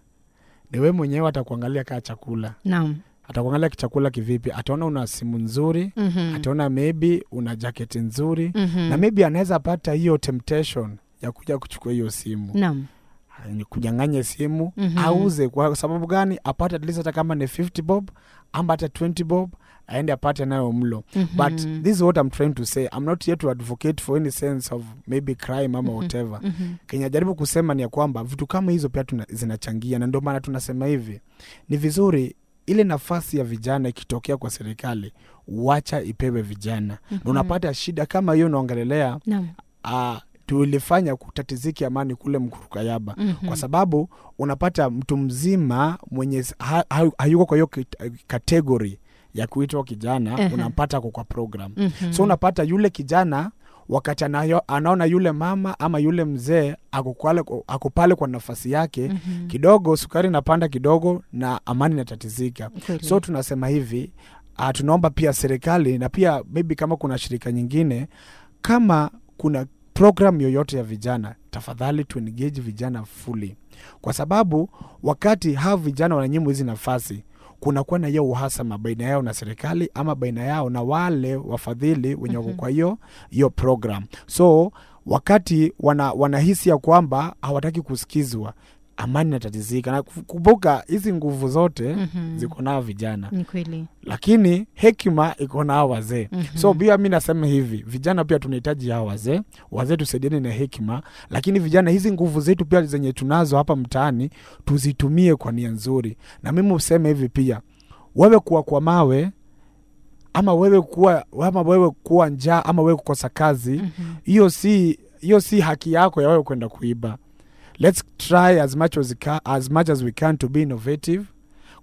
niwe mwenyewe atakuangalia kaa chakula Naam. atakuangalia kichakula kivipi? Ataona una simu nzuri mm -hmm. ataona maybe una jaketi nzuri mm -hmm. na maybe anaweza pata hiyo temptation ya kuja kuchukua hiyo simu Naam. Eh, kunyang'anya simu mm -hmm. auze. Kwa sababu gani? Apate at least hata kama ni 50 bob amba hata 20 bob aende apate nayo mlo mm -hmm. but this is what I'm trying to say I'm not here to advocate for any sense of maybe crime ama mhm. whatever mm -hmm. Kenya jaribu kusema ni ya kwamba vitu kama hizo pia tuna, zinachangia na ndio maana tunasema hivi ni vizuri ile nafasi ya vijana ikitokea kwa serikali wacha ipewe vijana mm -hmm. na unapata shida kama hiyo unaongelelea no. uh, ah, tulifanya kutatiziki amani kule Mkurukayaba. mm -hmm. Kwa sababu unapata mtu mzima mwenye hayuko kwa hiyo kategori ya kuitwa kijana. uh -huh. Unampata ko kwa program. mm -hmm. So unapata yule kijana wakati anayo, anaona yule mama ama yule mzee ako pale kwa nafasi yake mm -hmm. Kidogo sukari inapanda kidogo na amani inatatizika. okay. So tunasema hivi uh, tunaomba pia serikali na pia maybe kama kuna shirika nyingine kama kuna program yoyote ya vijana, tafadhali tu engage vijana fuli kwa sababu wakati hawa vijana wananyimu hizi nafasi kunakuwa na hiyo uhasama baina yao na serikali ama baina yao na wale wafadhili wenye wako mhm. kwa hiyo hiyo program. So wakati wana, wanahisi ya kwamba hawataki kusikizwa, amani inatatizika, na kumbuka hizi nguvu zote mm -hmm. ziko nao vijana Nikwili. lakini hekima iko nao wazee mm -hmm. so pia mi nasema hivi, vijana pia tunahitaji hao wazee, wazee tusaidiane na hekima, lakini vijana, hizi nguvu zetu pia zenye tunazo hapa mtaani tuzitumie kwa nia nzuri. Na mimi useme hivi pia, wewe kuwa kwa mawe ama wewe kuwa ama wewe kuwa njaa ama wewe kukosa kazi mhm. hiyo mm -hmm. si hiyo si haki yako ya wewe kwenda kuiba let's try as much as, can, as much as we can to be innovative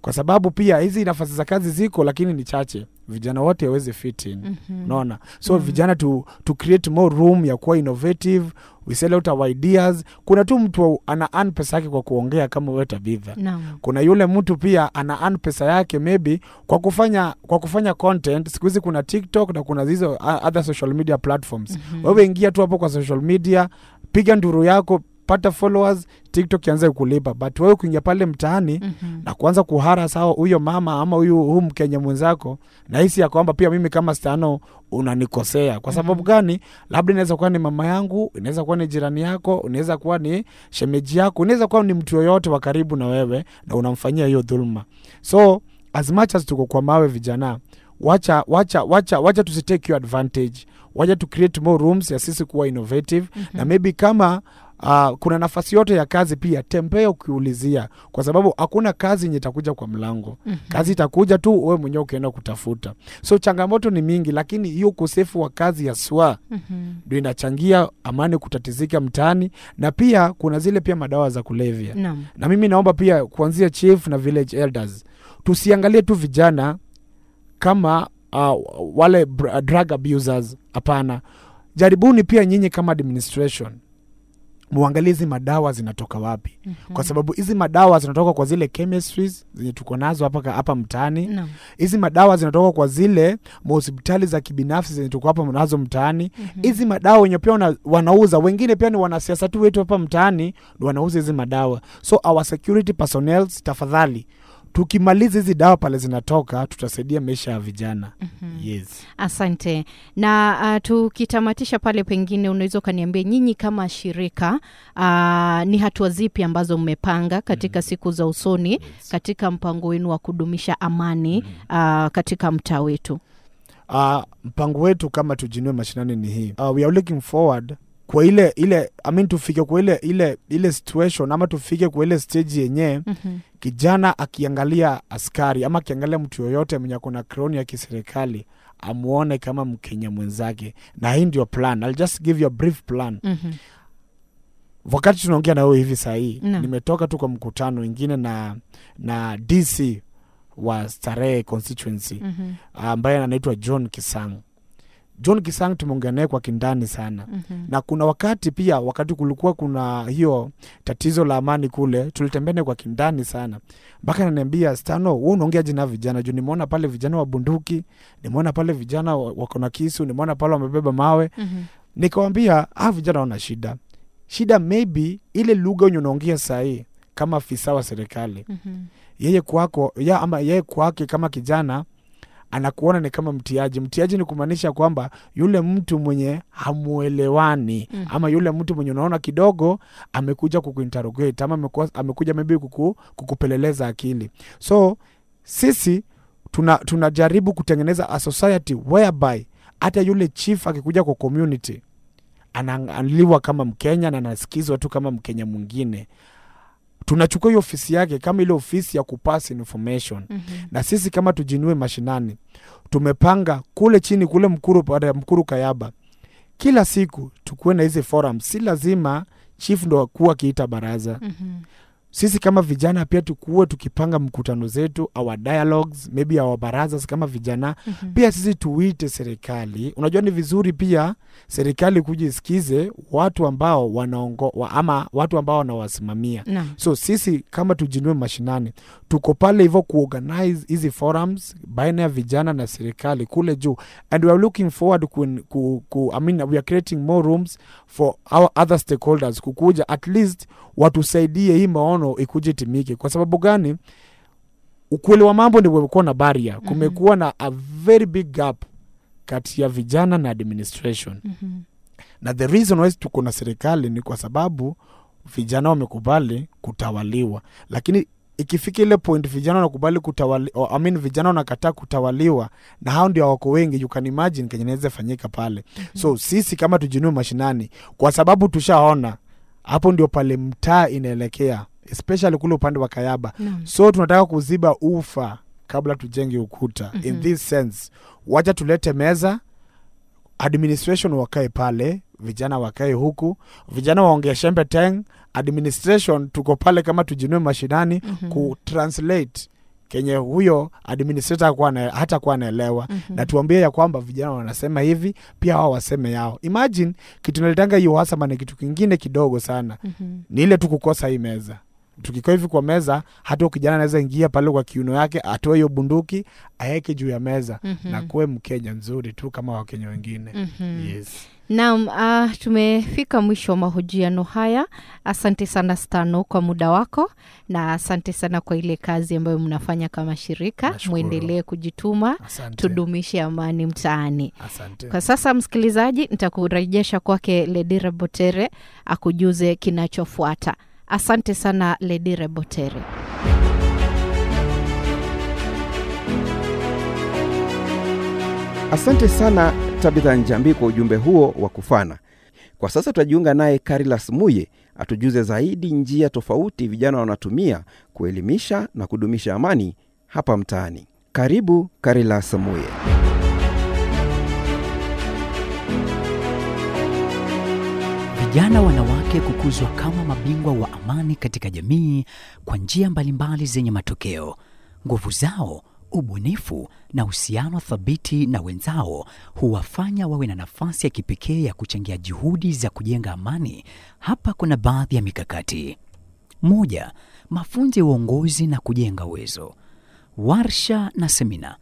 kwa sababu pia hizi nafasi za kazi ziko lakini ni chache vijana wote aweze fit in mm-hmm. naona so mm-hmm. vijana to, to create more room ya kuwa innovative we sell out our ideas kuna tu mtu ana an pesa yake kwa kuongea kama wewe tabidha no. kuna yule mtu pia ana an pesa yake maybe kwa kufanya kwa kufanya content siku hizi kuna tiktok na kuna hizo other social media platforms mm-hmm. wewe ingia tu hapo kwa social media piga nduru yako pata followers, TikTok ianze kulipa, but wewe kuingia pale mtaani mm -hmm. na kuanza kuhara sawa huyo mama ama huyu huyu Mkenya mwenzako, nahisi ya kwamba pia mimi kama Stano unanikosea. Kwa mhm. sababu mm -hmm. gani? Labda inaweza kuwa ni mama yangu, inaweza kuwa ni jirani yako, inaweza kuwa ni shemeji yako, inaweza kuwa ni mtu yoyote wa karibu na wewe, na unamfanyia hiyo dhuluma. So as much as tuko kwa mawe vijana wacha wacha wacha wacha tusitake your advantage wacha to create more rooms ya sisi kuwa innovative mm -hmm. na maybe kama uh, kuna nafasi yote ya kazi pia, tembea ukiulizia, kwa sababu hakuna kazi yenye itakuja kwa mlango mm -hmm. Kazi itakuja tu wewe mwenyewe ukienda kutafuta. So changamoto ni mingi, lakini hiyo ukosefu wa kazi ya swa mm -hmm. ndio inachangia amani kutatizika mtaani, na pia kuna zile pia madawa za kulevya no. Na mimi naomba pia kuanzia chief na village elders tusiangalie tu vijana kama uh, wale drug abusers. Hapana, jaribuni pia nyinyi kama administration muangalie hizi madawa zinatoka wapi mm -hmm. kwa sababu hizi madawa zinatoka kwa zile chemistries zenye tuko nazo hapa mtaani hizi no. madawa zinatoka kwa zile mahospitali za kibinafsi zenye tuko hapa nazo mtaani mhm. hizi mm -hmm. madawa wenye pia wanauza wengine pia ni wanasiasa tu wetu hapa mtaani wanauza hizi madawa so our security personnel tafadhali tukimaliza hizi dawa pale zinatoka, tutasaidia maisha ya vijana. mm-hmm. Yes, asante. Na uh, tukitamatisha pale, pengine unaweza ukaniambia nyinyi kama shirika uh, ni hatua zipi ambazo mmepanga katika mm-hmm. siku za usoni yes. katika mpango wenu wa kudumisha amani mm-hmm. uh, katika mtaa wetu? Uh, mpango wetu kama tujinue mashinani ni hii uh, we are looking forward kwa ile ile I mean, tufike kwa ile ile ile situation ama tufike kwa ile stage yenyewe mm-hmm kijana akiangalia askari ama akiangalia mtu yoyote mwenye ako na kroni ya kiserikali amwone kama Mkenya mwenzake, na hii ndio plan. I'll just give you a brief plan. mm -hmm. Wakati tunaongea na wewe hivi sahii no. nimetoka tu kwa mkutano wengine na, na DC wa Starehe constituency mhm. ambaye mm -hmm. anaitwa John Kisang John Kisang tumeongea naye kwa kindani sana mm -hmm. na kuna wakati pia, wakati kulikuwa kuna hiyo tatizo la amani kule, tulitembea naye kwa kindani sana mpaka ananiambia, Stano, wewe unaongea jina vijana juu nimeona pale vijana wa bunduki, nimeona pale vijana wako na kisu, nimeona pale wamebeba mawe mm -hmm. Nikawambia ah, vijana wana shida shida, maybe ile lugha yenye unaongea sahii kama afisa wa serikali mm -hmm. yeye kwako ya, ama yeye kwake kama kijana anakuona ni kama mtiaji. Mtiaji ni kumaanisha kwamba yule mtu mwenye hamuelewani mm. ama yule mtu mwenye unaona kidogo amekuja kukuinterrogate ama amekuja maybe kuku, kukupeleleza akili. So sisi tunajaribu tuna kutengeneza a society whereby hata yule chief akikuja kwa community anaangaliwa kama Mkenya na anasikizwa tu kama Mkenya mwingine tunachukua hiyo ofisi yake kama ile ofisi ya kupass information mm -hmm. Na sisi kama tujinue mashinani tumepanga kule chini kule Mkuru, Mkuru Kayaba, kila siku tukuwe na hizi forum. Si lazima chief ndo kuwa akiita baraza mm -hmm sisi kama vijana pia tukuwe tukipanga mkutano zetu, our dialogues maybe our barazas kama vijana mm -hmm. Pia sisi tuite serikali, unajua ni vizuri pia serikali kujisikize watu ambao wanaongo wa, ama watu ambao wanawasimamia no. So sisi kama tujinue mashinani, tuko pale hivyo kuorganize hizi forums baina ya vijana na serikali kule juu, and we are looking forward ku, ku, ku, I mean, we are creating more rooms for our other stakeholders kukuja, at least watusaidie hii maono mikono ikuje itimike. Kwa sababu gani? ukweli wa mambo ndio wekuwa na barrier. Mhm. Kumekuwa na a very big gap kati ya vijana na administration. mm -hmm. Na the reason why tuko na serikali ni kwa sababu vijana wamekubali kutawaliwa, lakini ikifika ile point vijana wanakubali kutawaliwa, I mean, vijana wanakataa kutawaliwa, na hao ndio wako wengi. You can imagine kenye naweza fanyika pale. mm -hmm. So sisi kama tujinue mashinani, kwa sababu tushaona hapo ndio pale mtaa inaelekea especially kule upande wa Kayaba no. So tunataka kuziba ufa kabla tujenge ukuta mm -hmm. In mhm. this sense, wacha tulete meza, administration wakae pale, vijana wakae huku, vijana waongee shembe teng, administration tuko pale kama tujinue mashinani mm -hmm. kutranslate kenye huyo administrator akuwa hata kuwa anaelewa mm -hmm. na tuambie ya kwamba vijana wanasema hivi, pia wao waseme yao. Imagine kitu nalitanga hiyo uhasama na kitu kingine kidogo sana mm -hmm. ni ile tu kukosa hii meza tukikaa hivi kwa meza, hata ukijana anaweza ingia pale kwa kiuno yake, atoe hiyo bunduki, aeke juu ya meza mm -hmm. na kuwe Mkenya nzuri tu kama Wakenya wengine mm -hmm. yes. nam uh, ah, tumefika mwisho wa mahojiano haya. Asante sana Stano kwa muda wako, na asante sana kwa ile kazi ambayo mnafanya kama shirika. Mwendelee kujituma, asante. Tudumishe amani mtaani. Kwa sasa, msikilizaji, nitakurejesha kwake Ledira Botere akujuze kinachofuata. Asante sana Ledire Botere. Asante sana Tabitha Njambi kwa ujumbe huo wa kufana. Kwa sasa tutajiunga naye Karilas Muye atujuze zaidi njia tofauti vijana wanatumia kuelimisha na kudumisha amani hapa mtaani. Karibu Karilas Muye. vijana wanawake kukuzwa kama mabingwa wa amani katika jamii kwa njia mbalimbali zenye matokeo. Nguvu zao, ubunifu na uhusiano thabiti na wenzao huwafanya wawe na nafasi ya kipekee ya kuchangia juhudi za kujenga amani. Hapa kuna baadhi ya mikakati: moja, mafunzo ya uongozi na kujenga uwezo, warsha na semina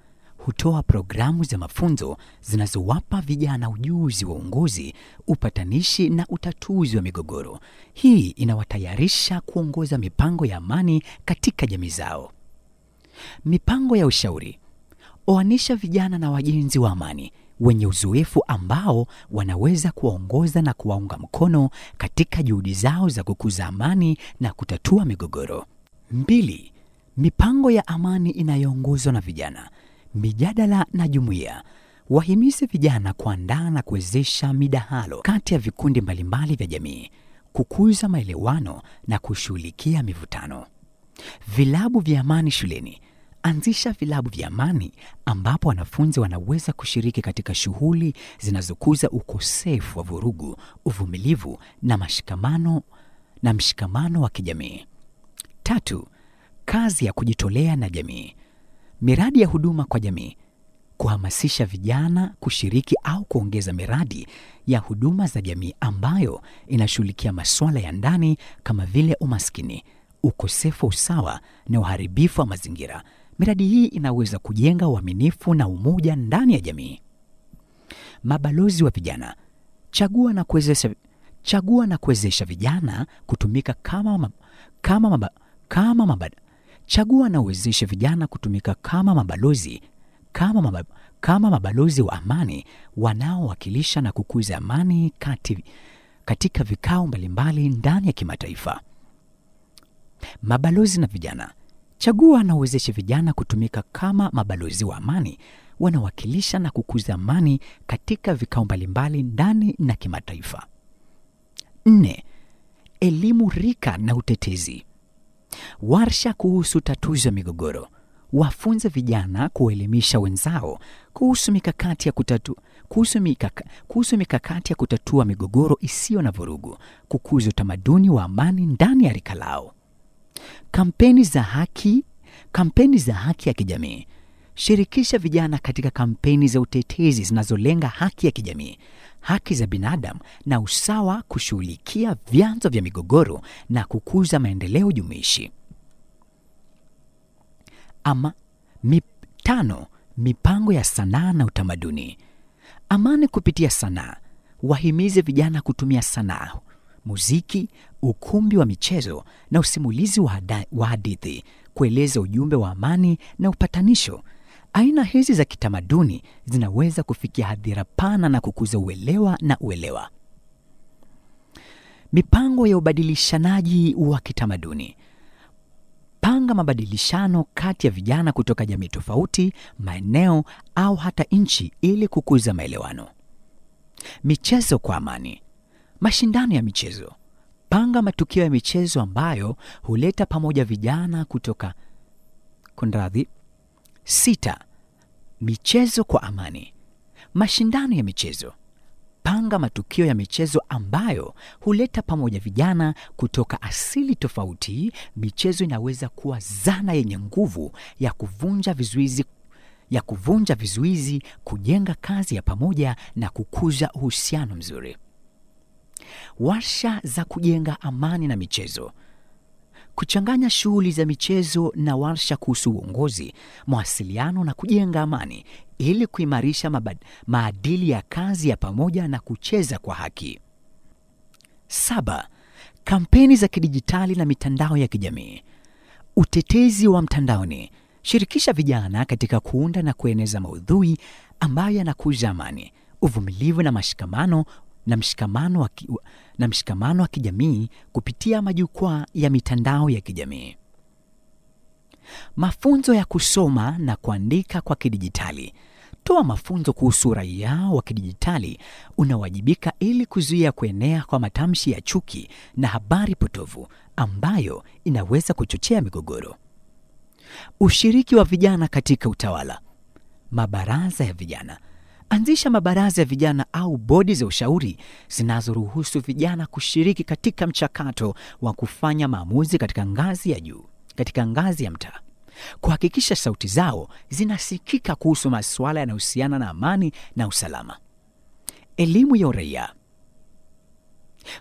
hutoa programu za mafunzo zinazowapa vijana ujuzi wa uongozi, upatanishi na utatuzi wa migogoro. Hii inawatayarisha kuongoza mipango ya amani katika jamii zao. Mipango ya ushauri: oanisha vijana na wajenzi wa amani wenye uzoefu ambao wanaweza kuwaongoza na kuwaunga mkono katika juhudi zao za kukuza amani na kutatua migogoro. Mbili, mipango ya amani inayoongozwa na vijana mijadala na jumuiya wahimize vijana kuandaa na kuwezesha midahalo kati ya vikundi mbalimbali vya jamii, kukuza maelewano na kushughulikia mivutano. Vilabu vya amani shuleni. Anzisha vilabu vya amani ambapo wanafunzi wanaweza kushiriki katika shughuli zinazokuza ukosefu wa vurugu, uvumilivu na mashikamano na mshikamano wa kijamii. Tatu, kazi ya kujitolea na jamii miradi ya huduma kwa jamii, kuhamasisha vijana kushiriki au kuongeza miradi ya huduma za jamii ambayo inashughulikia masuala ya ndani kama vile umaskini, ukosefu wa usawa na uharibifu wa mazingira. Miradi hii inaweza kujenga uaminifu na umoja ndani ya jamii. Mabalozi wa vijana, chagua na kuwezesha chagua na kuwezesha vijana kutumika kama, kama, kama, maba, Chagua na uwezeshe vijana kutumika kama mabalozi, kama mabab, kama mabalozi wa amani wanaowakilisha na kukuza amani kati, katika vikao mbalimbali ndani ya kimataifa. Mabalozi na vijana. Chagua na uwezeshe vijana kutumika kama mabalozi wa amani wanawakilisha na kukuza amani katika vikao mbalimbali ndani na kimataifa. Nne, elimu rika na utetezi warsha kuhusu tatuzi ya migogoro, wafunze vijana kuwaelimisha wenzao kuhusu mikakati ya kutatu, kuhusu mikaka, kuhusu mikakati ya kutatua migogoro isiyo na vurugu, kukuza utamaduni wa amani ndani ya rika lao. Kampeni za haki, kampeni za haki ya kijamii shirikisha vijana katika kampeni za utetezi zinazolenga haki ya kijamii, haki za binadamu na usawa, kushughulikia vyanzo vya migogoro na kukuza maendeleo jumuishi. Ama mitano mipango ya sanaa na utamaduni. Amani kupitia sanaa. Wahimize vijana kutumia sanaa, muziki, ukumbi wa michezo na usimulizi wa hadithi kueleza ujumbe wa amani na upatanisho Aina hizi za kitamaduni zinaweza kufikia hadhira pana na kukuza uelewa na uelewa. Mipango ya ubadilishanaji wa kitamaduni. Panga mabadilishano kati ya vijana kutoka jamii tofauti, maeneo au hata nchi ili kukuza maelewano. Michezo kwa amani. Mashindano ya michezo. Panga matukio ya michezo ambayo huleta pamoja vijana kutoka kundradhi Sita, michezo kwa amani. Mashindano ya michezo. Panga matukio ya michezo ambayo huleta pamoja vijana kutoka asili tofauti. Michezo inaweza kuwa zana yenye nguvu ya kuvunja vizuizi, ya kuvunja vizuizi, kujenga kazi ya pamoja na kukuza uhusiano mzuri. Warsha za kujenga amani na michezo kuchanganya shughuli za michezo na warsha kuhusu uongozi, mawasiliano na kujenga amani ili kuimarisha mabad, maadili ya kazi ya pamoja na kucheza kwa haki. Saba, kampeni za kidijitali na mitandao ya kijamii. Utetezi wa mtandaoni. Shirikisha vijana katika kuunda na kueneza maudhui ambayo yanakuza amani, uvumilivu na mashikamano na mshikamano wa, ki, na mshikamano wa kijamii kupitia majukwaa ya mitandao ya kijamii. Mafunzo ya kusoma na kuandika kwa kidijitali. Toa mafunzo kuhusu raia wa kidijitali unawajibika ili kuzuia kuenea kwa matamshi ya chuki na habari potovu ambayo inaweza kuchochea migogoro. Ushiriki wa vijana katika utawala. Mabaraza ya vijana anzisha mabaraza ya vijana au bodi za ushauri zinazoruhusu vijana kushiriki katika mchakato wa kufanya maamuzi katika ngazi ya juu, katika ngazi ya mtaa, kuhakikisha sauti zao zinasikika kuhusu masuala yanayohusiana na amani na usalama. Elimu ya uraia,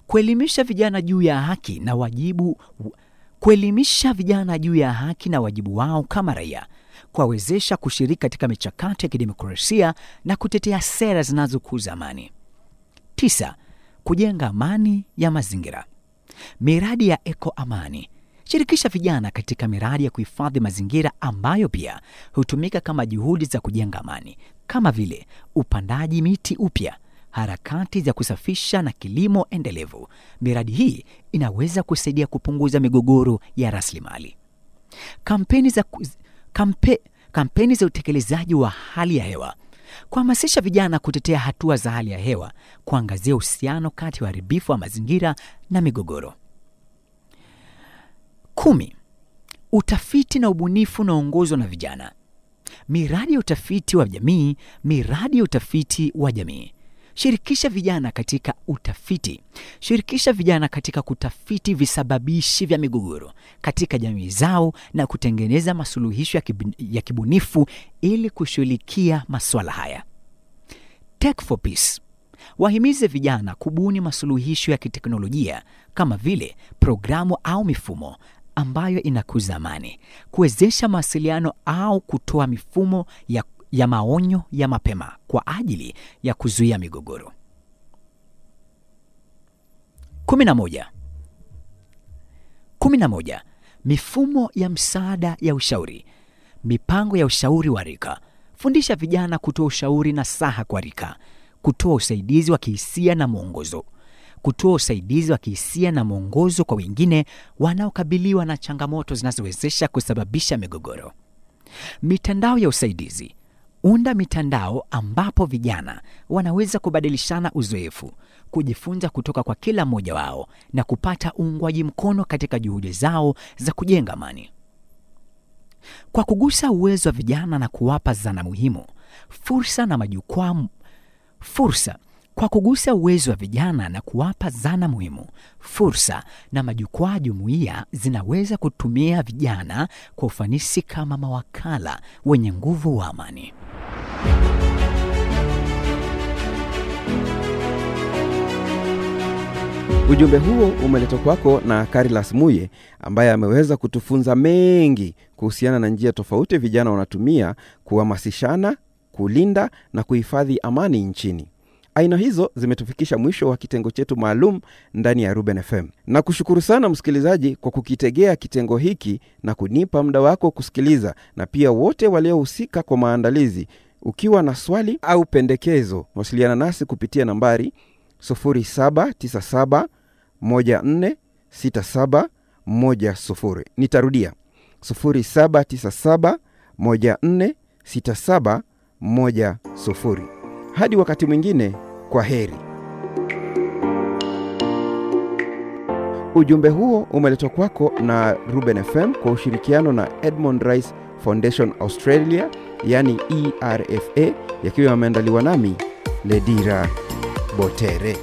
kuelimisha vijana juu ya haki na wajibu, kuelimisha vijana juu ya haki na wajibu wao kama raia kuwawezesha kushiriki katika michakato ya kidemokrasia na kutetea sera zinazokuza amani. Tisa, kujenga amani ya mazingira. Miradi ya eko amani shirikisha vijana katika miradi ya kuhifadhi mazingira ambayo pia hutumika kama juhudi za kujenga amani kama vile upandaji miti upya, harakati za kusafisha na kilimo endelevu. Miradi hii inaweza kusaidia kupunguza migogoro ya rasilimali. Kampeni za, kampe, kampeni za utekelezaji wa hali ya hewa, kuhamasisha vijana kutetea hatua za hali ya hewa, kuangazia uhusiano kati ya uharibifu wa mazingira na migogoro. Kumi, utafiti na ubunifu unaongozwa na vijana, miradi ya utafiti wa jamii, miradi ya utafiti wa jamii Shirikisha vijana katika utafiti. Shirikisha vijana katika kutafiti visababishi vya migogoro katika jamii zao na kutengeneza masuluhisho ya kibunifu ili kushughulikia masuala haya. Tech for Peace. Wahimize vijana kubuni masuluhisho ya kiteknolojia kama vile programu au mifumo ambayo inakuza amani, kuwezesha mawasiliano au kutoa mifumo ya ya maonyo ya mapema kwa ajili ya kuzuia migogoro. 11. Mifumo ya msaada ya ushauri. Mipango ya ushauri wa rika. Fundisha vijana kutoa ushauri na saha kwa rika, kutoa usaidizi wa kihisia na mwongozo kutoa usaidizi wa kihisia na mwongozo kwa wengine wanaokabiliwa na changamoto zinazowezesha kusababisha migogoro. Mitandao ya usaidizi. Unda mitandao ambapo vijana wanaweza kubadilishana uzoefu, kujifunza kutoka kwa kila mmoja wao na kupata uungwaji mkono katika juhudi zao za kujenga amani. Kwa kugusa uwezo wa vijana na kuwapa zana muhimu, fursa na majukwaa fursa kwa kugusa uwezo wa vijana na kuwapa zana muhimu, fursa na majukwaa, jumuiya zinaweza kutumia vijana kwa ufanisi kama mawakala wenye nguvu wa amani. Ujumbe huo umeletwa kwako na Karilas Muye ambaye ameweza kutufunza mengi kuhusiana na njia tofauti vijana wanatumia kuhamasishana, kulinda na kuhifadhi amani nchini. Aina hizo zimetufikisha mwisho wa kitengo chetu maalum ndani ya Ruben FM. Na kushukuru sana msikilizaji kwa kukitegea kitengo hiki na kunipa muda wako kusikiliza, na pia wote waliohusika kwa maandalizi. Ukiwa na swali au pendekezo, wasiliana nasi kupitia nambari 146710. Nitarudia 0797146710. Hadi wakati mwingine, kwa heri. Ujumbe huo umeletwa kwako na Ruben FM kwa ushirikiano na Edmond Rice Foundation Australia, yani ERFA, yakiwa yameandaliwa nami Ledira Botere.